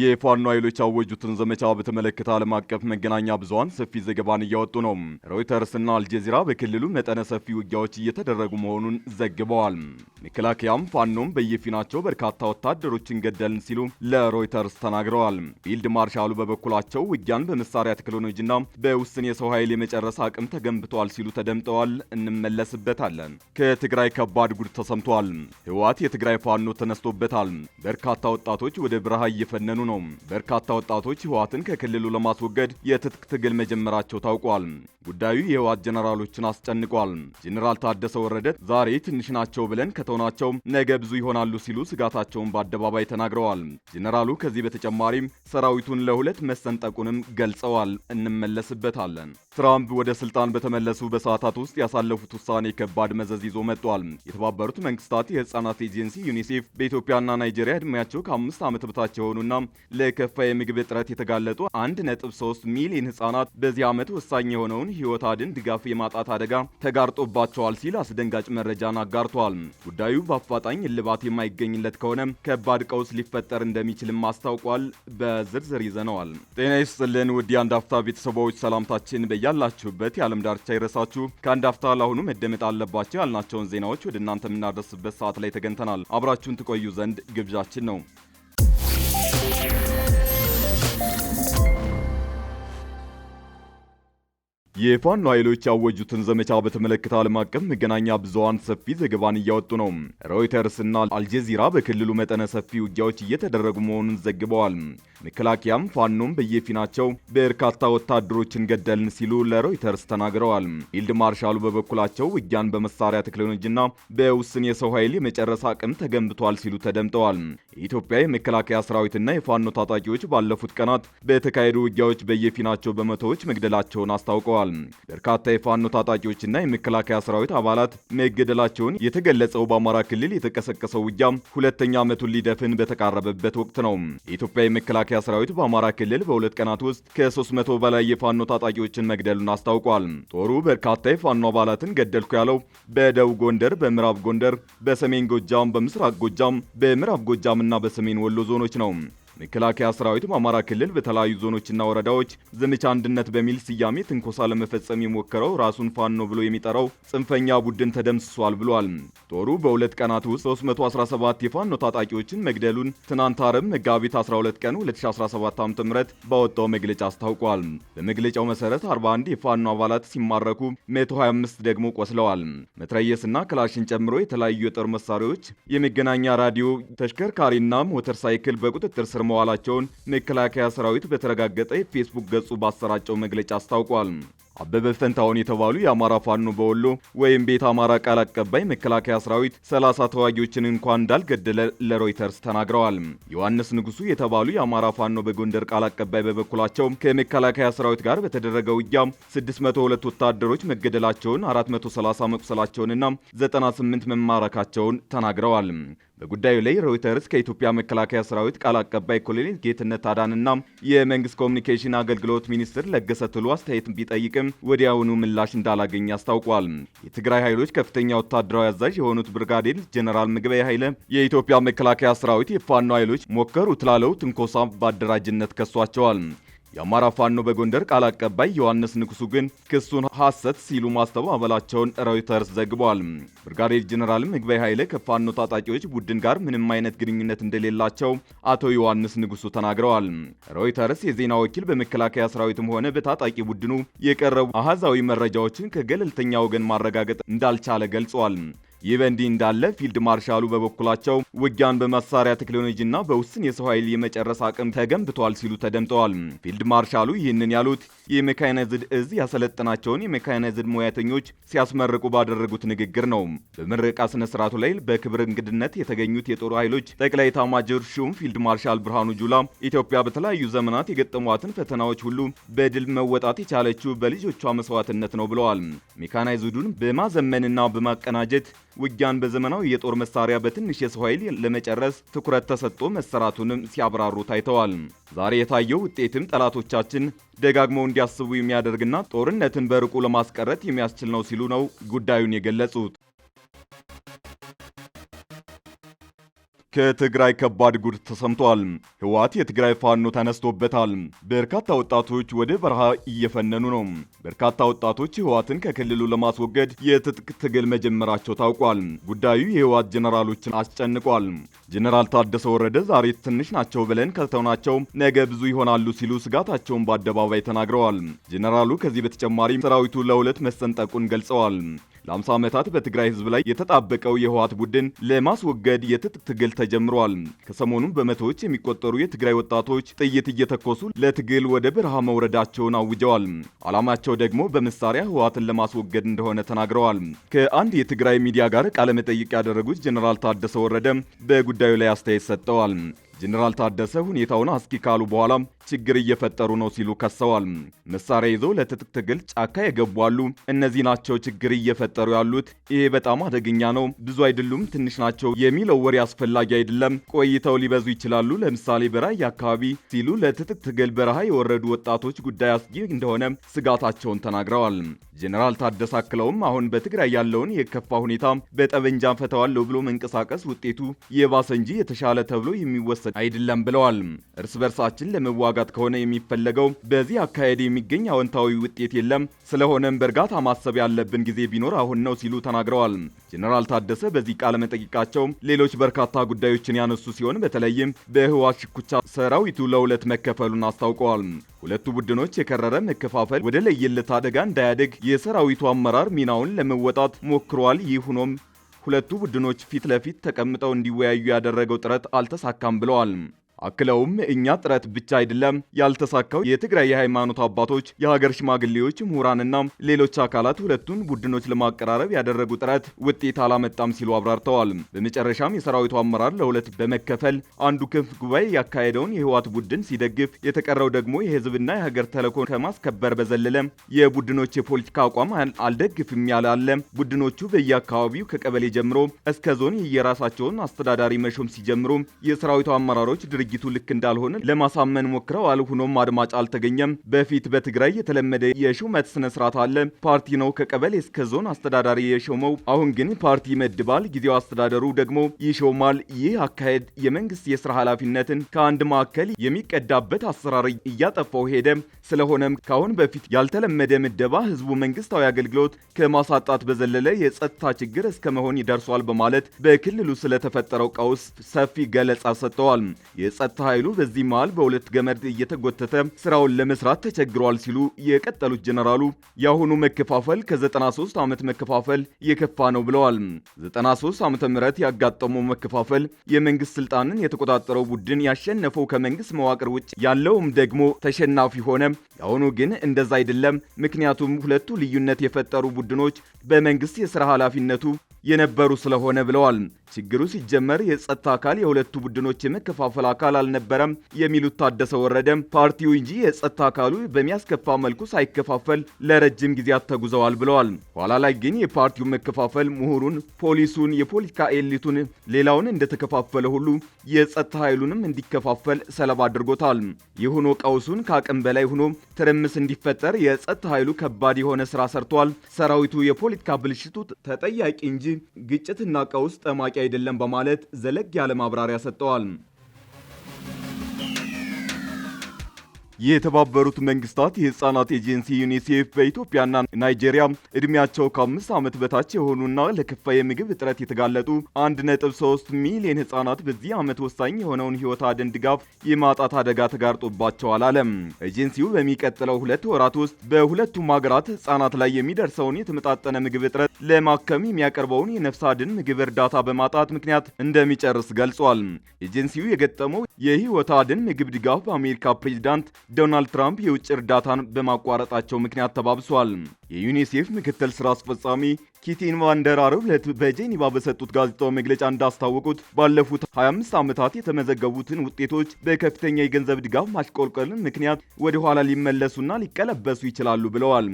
የፋኖ ኃይሎች ያወጁትን ዘመቻ በተመለከተ ዓለም አቀፍ መገናኛ ብዙሃን ሰፊ ዘገባን እያወጡ ነው። ሮይተርስ እና አልጀዚራ በክልሉ መጠነ ሰፊ ውጊያዎች እየተደረጉ መሆኑን ዘግበዋል። መከላከያም ፋኖም በየፊናቸው በርካታ ወታደሮችን ገደልን ሲሉ ለሮይተርስ ተናግረዋል። ፊልድ ማርሻሉ በበኩላቸው ውጊያን በመሳሪያ ቴክኖሎጂና በውስን የሰው ኃይል የመጨረስ አቅም ተገንብተዋል ሲሉ ተደምጠዋል። እንመለስበታለን። ከትግራይ ከባድ ጉድ ተሰምቷል። ህወሓት የትግራይ ፋኖ ተነስቶበታል። በርካታ ወጣቶች ወደ በረሃ እየፈነኑ ነው። በርካታ ወጣቶች ህወሓትን ከክልሉ ለማስወገድ የትጥቅ ትግል መጀመራቸው ታውቋል። ጉዳዩ የህወሓት ጀኔራሎችን አስጨንቋል። ጀኔራል ታደሰ ወረደ ዛሬ ትንሽ ናቸው ብለን ከተውናቸው ነገ ብዙ ይሆናሉ ሲሉ ስጋታቸውን በአደባባይ ተናግረዋል። ጀኔራሉ ከዚህ በተጨማሪም ሰራዊቱን ለሁለት መሰንጠቁንም ገልጸዋል። እንመለስበታለን። ትራምፕ ወደ ስልጣን በተመለሱ በሰዓታት ውስጥ ያሳለፉት ውሳኔ ከባድ መዘዝ ይዞ መጥቷል። የተባበሩት መንግስታት የህጻናት ኤጀንሲ ዩኒሴፍ በኢትዮጵያና ናይጄሪያ ዕድሜያቸው ከአምስት ዓመት በታች የሆኑና ለከፋ የምግብ እጥረት የተጋለጡ 1.3 ሚሊዮን ህጻናት በዚህ ዓመት ወሳኝ የሆነውን ህይወት አድን ድጋፍ የማጣት አደጋ ተጋርጦባቸዋል ሲል አስደንጋጭ መረጃን አጋርቷል። ጉዳዩ በአፋጣኝ እልባት የማይገኝለት ከሆነ ከባድ ቀውስ ሊፈጠር እንደሚችልም አስታውቋል። በዝርዝር ይዘነዋል። ጤና ይስጥልን ውድ የአንድ አፍታ ቤተሰቦች ሰላምታችን በ በያላችሁበት የዓለም ዳርቻ ይረሳችሁ ከአንድ አፍታ ለአሁኑ መደመጥ አለባቸው ያልናቸውን ዜናዎች ወደ እናንተ የምናደርስበት ሰዓት ላይ ተገኝተናል። አብራችሁን ትቆዩ ዘንድ ግብዣችን ነው። የፋኖ ኃይሎች ያወጁትን ዘመቻ በተመለከተ ዓለም አቀፍ መገናኛ ብዙሃን ሰፊ ዘገባን እያወጡ ነው። ሮይተርስ እና አልጀዚራ በክልሉ መጠነ ሰፊ ውጊያዎች እየተደረጉ መሆኑን ዘግበዋል። መከላከያም ፋኖም በየፊናቸው በርካታ ወታደሮችን ገደልን ሲሉ ለሮይተርስ ተናግረዋል። ፊልድ ማርሻሉ በበኩላቸው ውጊያን በመሳሪያ ቴክኖሎጂና በውስን የሰው ኃይል የመጨረስ አቅም ተገንብቷል ሲሉ ተደምጠዋል። የኢትዮጵያ የመከላከያ ሰራዊትና የፋኖ ታጣቂዎች ባለፉት ቀናት በተካሄዱ ውጊያዎች በየፊናቸው በመቶዎች መግደላቸውን አስታውቀዋል። በርካታ የፋኖ ታጣቂዎችና የመከላከያ ሰራዊት አባላት መገደላቸውን የተገለጸው በአማራ ክልል የተቀሰቀሰው ውጊያ ሁለተኛ ዓመቱን ሊደፍን በተቃረበበት ወቅት ነው። የኢትዮጵያ የመከላከያ መከላከያ ሰራዊት በአማራ ክልል በሁለት ቀናት ውስጥ ከ300 በላይ የፋኖ ታጣቂዎችን መግደሉን አስታውቋል። ጦሩ በርካታ የፋኖ አባላትን ገደልኩ ያለው በደቡብ ጎንደር፣ በምዕራብ ጎንደር፣ በሰሜን ጎጃም፣ በምስራቅ ጎጃም፣ በምዕራብ ጎጃም እና በሰሜን ወሎ ዞኖች ነው። መከላከያ ሰራዊትም አማራ ክልል በተለያዩ ዞኖችና ወረዳዎች ዘመቻ አንድነት በሚል ስያሜ ትንኮሳ ለመፈጸም የሞከረው ራሱን ፋኖ ብሎ የሚጠራው ጽንፈኛ ቡድን ተደምስሷል ብሏል። ጦሩ በሁለት ቀናት ውስጥ 317 የፋኖ ታጣቂዎችን መግደሉን ትናንት አረም መጋቢት 12 ቀን 2017 ዓ.ም ባወጣው መግለጫ አስታውቋል። በመግለጫው መሰረት 41 የፋኖ አባላት ሲማረኩ 125 ደግሞ ቆስለዋል። መትረየስና ክላሽን ጨምሮ የተለያዩ የጦር መሳሪያዎች፣ የመገናኛ ራዲዮ፣ ተሽከርካሪና ሞተር ሳይክል በቁጥጥር ስር ስር መዋላቸውን መከላከያ ሰራዊት በተረጋገጠ የፌስቡክ ገጹ ባሰራጨው መግለጫ አስታውቋል። አበበ ፈንታውን የተባሉ የአማራ ፋኖ በወሎ ወይም ቤት አማራ ቃል አቀባይ መከላከያ ሰራዊት 30 ተዋጊዎችን እንኳን እንዳልገደለ ለሮይተርስ ተናግረዋል። ዮሐንስ ንጉሱ የተባሉ የአማራ ፋኖ በጎንደር ቃል አቀባይ በበኩላቸው ከመከላከያ ሰራዊት ጋር በተደረገ ውጊያ 602 ወታደሮች መገደላቸውን፣ 430 መቁሰላቸውንና 98 መማረካቸውን ተናግረዋል። በጉዳዩ ላይ ሮይተርስ ከኢትዮጵያ መከላከያ ሰራዊት ቃል አቀባይ ኮሎኔል ጌትነት አዳንና የመንግስት ኮሚኒኬሽን አገልግሎት ሚኒስትር ለገሰ ቱሉ አስተያየት ቢጠይቅም ወዲያውኑ ምላሽ እንዳላገኝ አስታውቋል። የትግራይ ኃይሎች ከፍተኛ ወታደራዊ አዛዥ የሆኑት ብርጋዴር ጀነራል ምግበይ ኃይለ የኢትዮጵያ መከላከያ ሰራዊት የፋኖ ኃይሎች ሞከሩ ትላለው ትንኮሳ በአደራጅነት ከሷቸዋል። የአማራ ፋኖ በጎንደር ቃል አቀባይ ዮሐንስ ንጉሱ ግን ክሱን ሐሰት ሲሉ ማስተባበላቸውን ሮይተርስ ዘግቧል። ብርጋዴር ጀኔራል ምግበይ ኃይለ ከፋኖ ታጣቂዎች ቡድን ጋር ምንም አይነት ግንኙነት እንደሌላቸው አቶ ዮሐንስ ንጉሱ ተናግረዋል። ሮይተርስ የዜና ወኪል በመከላከያ ሰራዊትም ሆነ በታጣቂ ቡድኑ የቀረቡ አሃዛዊ መረጃዎችን ከገለልተኛ ወገን ማረጋገጥ እንዳልቻለ ገልጿል። ይህ በእንዲህ እንዳለ ፊልድ ማርሻሉ በበኩላቸው ውጊያን በመሳሪያ ቴክኖሎጂና በውስን የሰው ኃይል የመጨረስ አቅም ተገንብቷል ሲሉ ተደምጠዋል። ፊልድ ማርሻሉ ይህንን ያሉት የሜካናይዝድ እዝ ያሰለጠናቸውን የሜካናይዝድ ሙያተኞች ሲያስመርቁ ባደረጉት ንግግር ነው። በምረቃ ስነ ስርዓቱ ላይ በክብር እንግድነት የተገኙት የጦር ኃይሎች ጠቅላይ ኤታማዦር ሹም ፊልድ ማርሻል ብርሃኑ ጁላ ኢትዮጵያ በተለያዩ ዘመናት የገጠሟትን ፈተናዎች ሁሉ በድል መወጣት የቻለችው በልጆቿ መስዋዕትነት ነው ብለዋል። ሜካናይዝዱን በማዘመንና በማቀናጀት ውጊያን በዘመናዊ የጦር መሳሪያ በትንሽ የሰው ኃይል ለመጨረስ ትኩረት ተሰጥቶ መሰራቱንም ሲያብራሩ ታይተዋል። ዛሬ የታየው ውጤትም ጠላቶቻችን ደጋግመው እንዲያስቡ የሚያደርግና ጦርነትን በርቁ ለማስቀረት የሚያስችል ነው ሲሉ ነው ጉዳዩን የገለጹት። ከትግራይ ከባድ ጉድ ተሰምቷል። ህወሓት የትግራይ ፋኖ ተነስቶበታል። በርካታ ወጣቶች ወደ በረሃ እየፈነኑ ነው። በርካታ ወጣቶች ህወሓትን ከክልሉ ለማስወገድ የትጥቅ ትግል መጀመራቸው ታውቋል። ጉዳዩ የህወሓት ጀኔራሎችን አስጨንቋል። ጀነራል ታደሰ ወረደ ዛሬ ትንሽ ናቸው ብለን ከተውናቸው ነገ ብዙ ይሆናሉ ሲሉ ስጋታቸውን በአደባባይ ተናግረዋል። ጀኔራሉ ከዚህ በተጨማሪ ሰራዊቱ ለሁለት መሰንጠቁን ገልጸዋል። ለ50 ዓመታት በትግራይ ህዝብ ላይ የተጣበቀው የህወሓት ቡድን ለማስወገድ የትጥቅ ትግል ተጀምሯል። ከሰሞኑም በመቶዎች የሚቆጠሩ የትግራይ ወጣቶች ጥይት እየተኮሱ ለትግል ወደ በረሃ መውረዳቸውን አውጀዋል። ዓላማቸው ደግሞ በመሳሪያ ህወሓትን ለማስወገድ እንደሆነ ተናግረዋል። ከአንድ የትግራይ ሚዲያ ጋር ቃለመጠይቅ ያደረጉት ጀኔራል ታደሰ ወረደ በጉዳዩ ላይ አስተያየት ሰጥተዋል። ጀነራል ታደሰ ሁኔታውን አስጊ ካሉ በኋላ ችግር እየፈጠሩ ነው ሲሉ ከሰዋል። መሳሪያ ይዘው ለትጥቅ ትግል ጫካ የገቡ አሉ። እነዚህ ናቸው ችግር እየፈጠሩ ያሉት። ይሄ በጣም አደገኛ ነው። ብዙ አይደሉም፣ ትንሽ ናቸው የሚለው ወሬ አስፈላጊ አይደለም። ቆይተው ሊበዙ ይችላሉ። ለምሳሌ በራያ አካባቢ ሲሉ ለትጥቅ ትግል በረሃ የወረዱ ወጣቶች ጉዳይ አስጊ እንደሆነ ስጋታቸውን ተናግረዋል። ጀነራል ታደሰ አክለውም አሁን በትግራይ ያለውን የከፋ ሁኔታ በጠበንጃ ፈተዋለሁ ብሎ መንቀሳቀስ ውጤቱ የባሰ እንጂ የተሻለ ተብሎ የሚወሰድ አይደለም ብለዋል። እርስ በርሳችን ለመዋጋት ከሆነ የሚፈለገው በዚህ አካሄድ የሚገኝ አዎንታዊ ውጤት የለም፣ ስለሆነም በእርጋታ ማሰብ ያለብን ጊዜ ቢኖር አሁን ነው ሲሉ ተናግረዋል። ጀኔራል ታደሰ በዚህ ቃለ መጠይቃቸው ሌሎች በርካታ ጉዳዮችን ያነሱ ሲሆን በተለይም በህዋት ሽኩቻ ሰራዊቱ ለሁለት መከፈሉን አስታውቀዋል። ሁለቱ ቡድኖች የከረረ መከፋፈል ወደ ለየለት አደጋ እንዳያደግ የሰራዊቱ አመራር ሚናውን ለመወጣት ሞክሯል። ይህ ሆኖም ሁለቱ ቡድኖች ፊት ለፊት ተቀምጠው እንዲወያዩ ያደረገው ጥረት አልተሳካም ብለዋል። አክለውም እኛ ጥረት ብቻ አይደለም ያልተሳካው የትግራይ የሃይማኖት አባቶች፣ የሀገር ሽማግሌዎች፣ ምሁራንና ሌሎች አካላት ሁለቱን ቡድኖች ለማቀራረብ ያደረጉ ጥረት ውጤት አላመጣም ሲሉ አብራርተዋል። በመጨረሻም የሰራዊቱ አመራር ለሁለት በመከፈል አንዱ ክንፍ ጉባኤ ያካሄደውን የህወሓት ቡድን ሲደግፍ፣ የተቀረው ደግሞ የህዝብና የሀገር ተልዕኮ ከማስከበር በዘለለ የቡድኖች የፖለቲካ አቋም አልደግፍም ያላለ ቡድኖቹ በየአካባቢው ከቀበሌ ጀምሮ እስከ ዞን የየራሳቸውን አስተዳዳሪ መሾም ሲጀምሩ የሰራዊቱ አመራሮች ድርጊ ድርጊቱ ልክ እንዳልሆነ ለማሳመን ሞክረዋል። ሆኖም አድማጭ አልተገኘም። በፊት በትግራይ የተለመደ የሹመት ስነ ስርዓት አለ። ፓርቲ ነው ከቀበሌ እስከ ዞን አስተዳዳሪ የሾመው። አሁን ግን ፓርቲ ይመድባል፣ ጊዜው አስተዳደሩ ደግሞ ይሾማል። ይህ አካሄድ የመንግስት የስራ ኃላፊነትን ከአንድ ማዕከል የሚቀዳበት አሰራር እያጠፋው ሄደ። ስለሆነም ካሁን በፊት ያልተለመደ ምደባ ህዝቡ መንግስታዊ አገልግሎት ከማሳጣት በዘለለ የጸጥታ ችግር እስከ መሆን ይደርሷል በማለት በክልሉ ስለተፈጠረው ቀውስ ሰፊ ገለጻ ሰጥተዋል። ጸጥታ ኃይሉ በዚህ መሃል በሁለት ገመድ እየተጎተተ ስራውን ለመስራት ተቸግሯል ሲሉ የቀጠሉት ጀነራሉ የአሁኑ መከፋፈል ከ93 ዓመት መከፋፈል የከፋ ነው ብለዋል። 93 ዓመተ ምህረት ያጋጠመው መከፋፈል የመንግስት ስልጣንን የተቆጣጠረው ቡድን ያሸነፈው ከመንግስት መዋቅር ውጭ ያለውም ደግሞ ተሸናፊ ሆነ። የአሁኑ ግን እንደዛ አይደለም። ምክንያቱም ሁለቱ ልዩነት የፈጠሩ ቡድኖች በመንግስት የሥራ ኃላፊነቱ የነበሩ ስለሆነ ብለዋል። ችግሩ ሲጀመር የጸጥታ አካል የሁለቱ ቡድኖች የመከፋፈል አካል አልነበረም የሚሉት ታደሰ ወረደ ፓርቲው እንጂ የጸጥታ አካሉ በሚያስከፋ መልኩ ሳይከፋፈል ለረጅም ጊዜያት ተጉዘዋል ብለዋል። ኋላ ላይ ግን የፓርቲው መከፋፈል ምሁሩን፣ ፖሊሱን፣ የፖለቲካ ኤሊቱን ሌላውን እንደተከፋፈለ ሁሉ የጸጥታ ኃይሉንም እንዲከፋፈል ሰለባ አድርጎታል። ይህ ሆኖ ቀውሱን ከአቅም በላይ ሆኖ ትርምስ እንዲፈጠር የጸጥታ ኃይሉ ከባድ የሆነ ስራ ሰርቷል። ሰራዊቱ የፖለቲካ ብልሽቱ ተጠያቂ እንጂ ግጭትና ቀውስ ጠማቂ አይደለም በማለት ዘለግ ያለ ማብራሪያ ሰጥተዋል። የተባበሩት መንግስታት የህፃናት ኤጀንሲ ዩኒሴፍ በኢትዮጵያና ናይጄሪያ እድሜያቸው ከአምስት ዓመት በታች የሆኑና ለከፋ የምግብ እጥረት የተጋለጡ 1.3 ሚሊዮን ህጻናት በዚህ ዓመት ወሳኝ የሆነውን ህይወት አድን ድጋፍ የማጣት አደጋ ተጋርጦባቸዋል አለም። ኤጀንሲው በሚቀጥለው ሁለት ወራት ውስጥ በሁለቱም ሀገራት ህጻናት ላይ የሚደርሰውን የተመጣጠነ ምግብ እጥረት ለማከም የሚያቀርበውን የነፍስ አድን ምግብ እርዳታ በማጣት ምክንያት እንደሚጨርስ ገልጿል። ኤጀንሲው የገጠመው የህይወት አድን ምግብ ድጋፍ በአሜሪካ ፕሬዚዳንት ዶናልድ ትራምፕ የውጭ እርዳታን በማቋረጣቸው ምክንያት ተባብሷል። የዩኒሴፍ ምክትል ስራ አስፈጻሚ ኪቲን ቫንደር አርብ ዕለት በሰጡት ጋዜጣዊ መግለጫ እንዳስታወቁት ባለፉት 25 ዓመታት የተመዘገቡትን ውጤቶች በከፍተኛ የገንዘብ ድጋፍ ማሽቆልቆልን ምክንያት ወደ ኋላ ሊመለሱና ሊቀለበሱ ይችላሉ ብለዋል።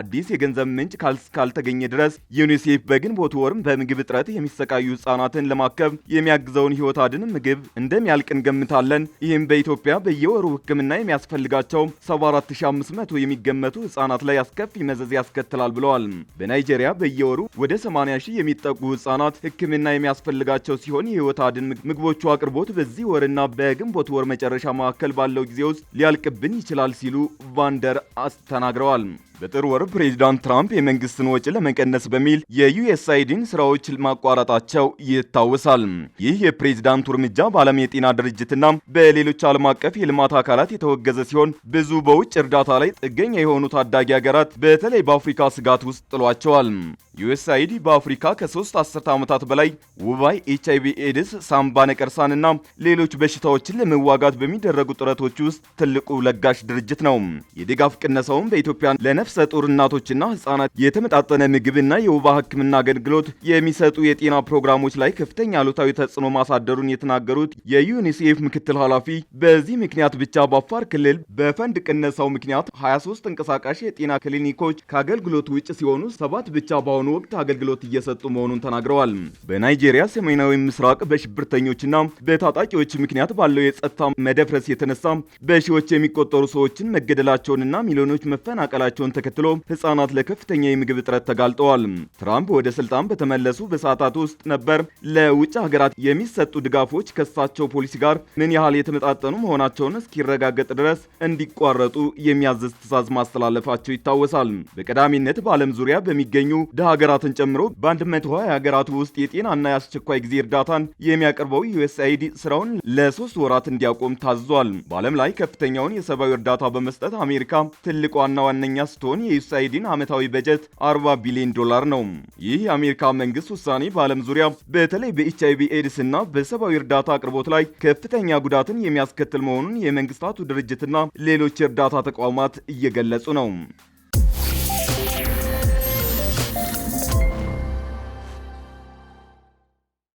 አዲስ የገንዘብ ምንጭ ካልተገኘ ድረስ ዩኒሴፍ በግንቦት ወርም በምግብ እጥረት የሚሰቃዩ ህጻናትን ለማከብ የሚያግዘውን ህይወት አድን ምግብ እንደሚያልቅ እንገምታለን። ይህም በኢትዮጵያ በየወሩ ህክምና የሚያስፈልጋቸው 74500 የሚገመቱ ህጻናት ላይ አስከፊ መዘዝ ያስከትላል ብለዋል። በናይጄሪያ በየወሩ ወደ 80 ሺህ የሚጠጉ ህጻናት ህክምና የሚያስፈልጋቸው ሲሆን የህይወት አድን ምግቦቹ አቅርቦት በዚህ ወርና በግንቦት ወር መጨረሻ መካከል ባለው ጊዜ ውስጥ ሊያልቅብን ይችላል ሲሉ ቫንደር አስተናግረዋል። በጥር ወር ፕሬዚዳንት ትራምፕ የመንግስትን ወጪ ለመቀነስ በሚል የዩኤስአይዲን ስራዎች ማቋረጣቸው ይታወሳል። ይህ የፕሬዚዳንቱ እርምጃ በዓለም የጤና ድርጅትና በሌሎች ዓለም አቀፍ የልማት አካላት የተወገዘ ሲሆን ብዙ በውጭ እርዳታ ላይ ጥገኛ የሆኑ ታዳጊ ሀገራት በተለይ በአፍሪካ ስጋት ውስጥ ጥሏቸዋል። ዩኤስአይዲ በአፍሪካ ከሶስት አስርተ ዓመታት በላይ ውባይ፣ ኤች አይቪ ኤድስ፣ ሳምባ ነቀርሳንና ሌሎች በሽታዎችን ለመዋጋት በሚደረጉ ጥረቶች ውስጥ ትልቁ ለጋሽ ድርጅት ነው። የድጋፍ ቅነሳውን በኢትዮጵያ ለነፍስ ነፍሰ ጡር እናቶችና ህጻናት የተመጣጠነ ምግብና የውባ ህክምና አገልግሎት የሚሰጡ የጤና ፕሮግራሞች ላይ ከፍተኛ አሉታዊ ተጽዕኖ ማሳደሩን የተናገሩት የዩኒሴፍ ምክትል ኃላፊ በዚህ ምክንያት ብቻ በአፋር ክልል በፈንድ ቅነሳው ምክንያት 23 ተንቀሳቃሽ የጤና ክሊኒኮች ከአገልግሎት ውጭ ሲሆኑ ሰባት ብቻ በአሁኑ ወቅት አገልግሎት እየሰጡ መሆኑን ተናግረዋል። በናይጄሪያ ሰሜናዊ ምስራቅ በሽብርተኞችና በታጣቂዎች ምክንያት ባለው የጸጥታ መደፍረስ የተነሳ በሺዎች የሚቆጠሩ ሰዎችን መገደላቸውንና ሚሊዮኖች መፈናቀላቸውን ተከትሎ ህጻናት ለከፍተኛ የምግብ እጥረት ተጋልጠዋል። ትራምፕ ወደ ስልጣን በተመለሱ በሰዓታት ውስጥ ነበር ለውጭ ሀገራት የሚሰጡ ድጋፎች ከሳቸው ፖሊሲ ጋር ምን ያህል የተመጣጠኑ መሆናቸውን እስኪረጋገጥ ድረስ እንዲቋረጡ የሚያዝዝ ትዕዛዝ ማስተላለፋቸው ይታወሳል። በቀዳሚነት በዓለም ዙሪያ በሚገኙ ድሃ ሀገራትን ጨምሮ በ120 ሀገራት ውስጥ የጤናና የአስቸኳይ ጊዜ እርዳታን የሚያቀርበው ዩኤስአይዲ ስራውን ለሶስት ወራት እንዲያቆም ታዟል። በዓለም ላይ ከፍተኛውን የሰብአዊ እርዳታ በመስጠት አሜሪካ ትልቋና ዋነኛ ስትሆን ሲሆን የዩሳይድን ዓመታዊ በጀት 40 ቢሊዮን ዶላር ነው። ይህ የአሜሪካ መንግስት ውሳኔ በዓለም ዙሪያ በተለይ በኤች አይቪ ኤድስ እና በሰብአዊ እርዳታ አቅርቦት ላይ ከፍተኛ ጉዳትን የሚያስከትል መሆኑን የመንግስታቱ ድርጅትና ሌሎች የእርዳታ ተቋማት እየገለጹ ነው።